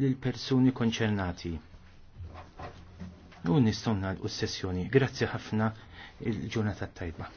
lil persuni konċernati. U nistgħu nagħlqu s-sessjoni. Grazzi ħafna il-ġurnata tajba.